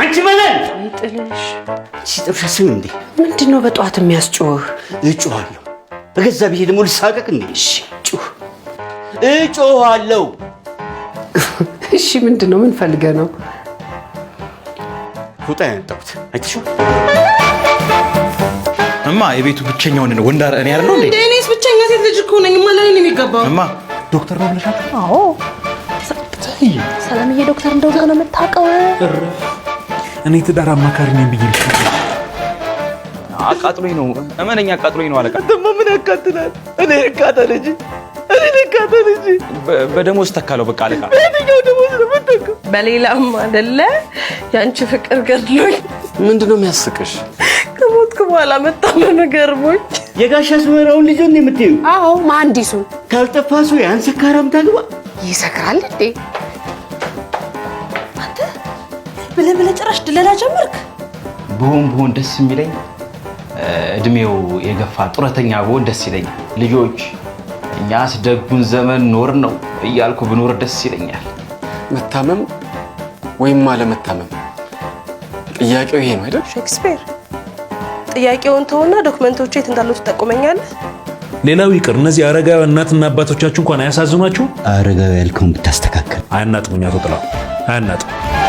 አንቺ መለን ይጥልሽ ስም እንዴ ምንድን ነው በጠዋት የሚያስጮህ? እጮኋለሁ። በገዛ ብዬ ደግሞ ልሳቀቅ እንዴ? እሺ ጩህ። እጮኋለሁ። እሺ ምንድን ነው? ምን ፈልገ ነው? ፎጣ ያንጣሁት አይተሽው እማ የቤቱ ብቸኛ ወንድ ነው። ወንዳ እኔ አይደለሁ እንዴ? እኔስ ብቸኛ ሴት ልጅ እኮ ነኝ። ማለት ነው የሚገባው። እማ ዶክተር ነው ብለሻል? አዎ ሰላምዬ ዶክተር እንደው ነው የምታውቀው እኔ ትዳር አማካሪ ነኝ ብዬ ልሽ አቃጥሎኝ ነው። እመነኝ፣ አቃጥሎኝ ነው። አለቃ ደግሞ ምን ያቃጥላል? እኔ ልቃጠል እንጂ እኔ ልቃጠል እንጂ በደሞዝ ተካለው። በቃ አለቃ፣ በየትኛው ደሞዝ ነው የምትተካው? በሌላም አይደለ የአንቺ ፍቅር ገድሎኝ። ምንድን ነው የሚያስቅሽ? ከሞትኩ በኋላ ነገር ሞች የጋሻ ስመራውን ልጆን የምትዩ? አዎ፣ መሐንዲሱ። ካልጠፋሱ ያን ሰካራም ታግባ። ይሰክራል እንዴ? ብለህ ብለህ ጭራሽ ድለላ ጀመርክ። ብሆን ብሆን ደስ የሚለኝ እድሜው የገፋ ጡረተኛ ብሆን ደስ ይለኛል። ልጆች እኛስ ደጉን ዘመን ኖር ነው እያልኩ ብኖር ደስ ይለኛል። መታመም ወይም አለመታመም ጥያቄው ይሄ ነው አይደል? ሼክስፒር ጥያቄውን ተውና ዶክመንቶቹ የት እንዳሉ ትጠቁመኛለህ። ሌላው ይቅር እነዚህ አረጋዊ እናትና አባቶቻችሁ እንኳን አያሳዝኗችሁ። አረጋዊ ያልከውን ብታስተካከል። አያናጥሙኝ አቶ ጥላ አያናጥሙ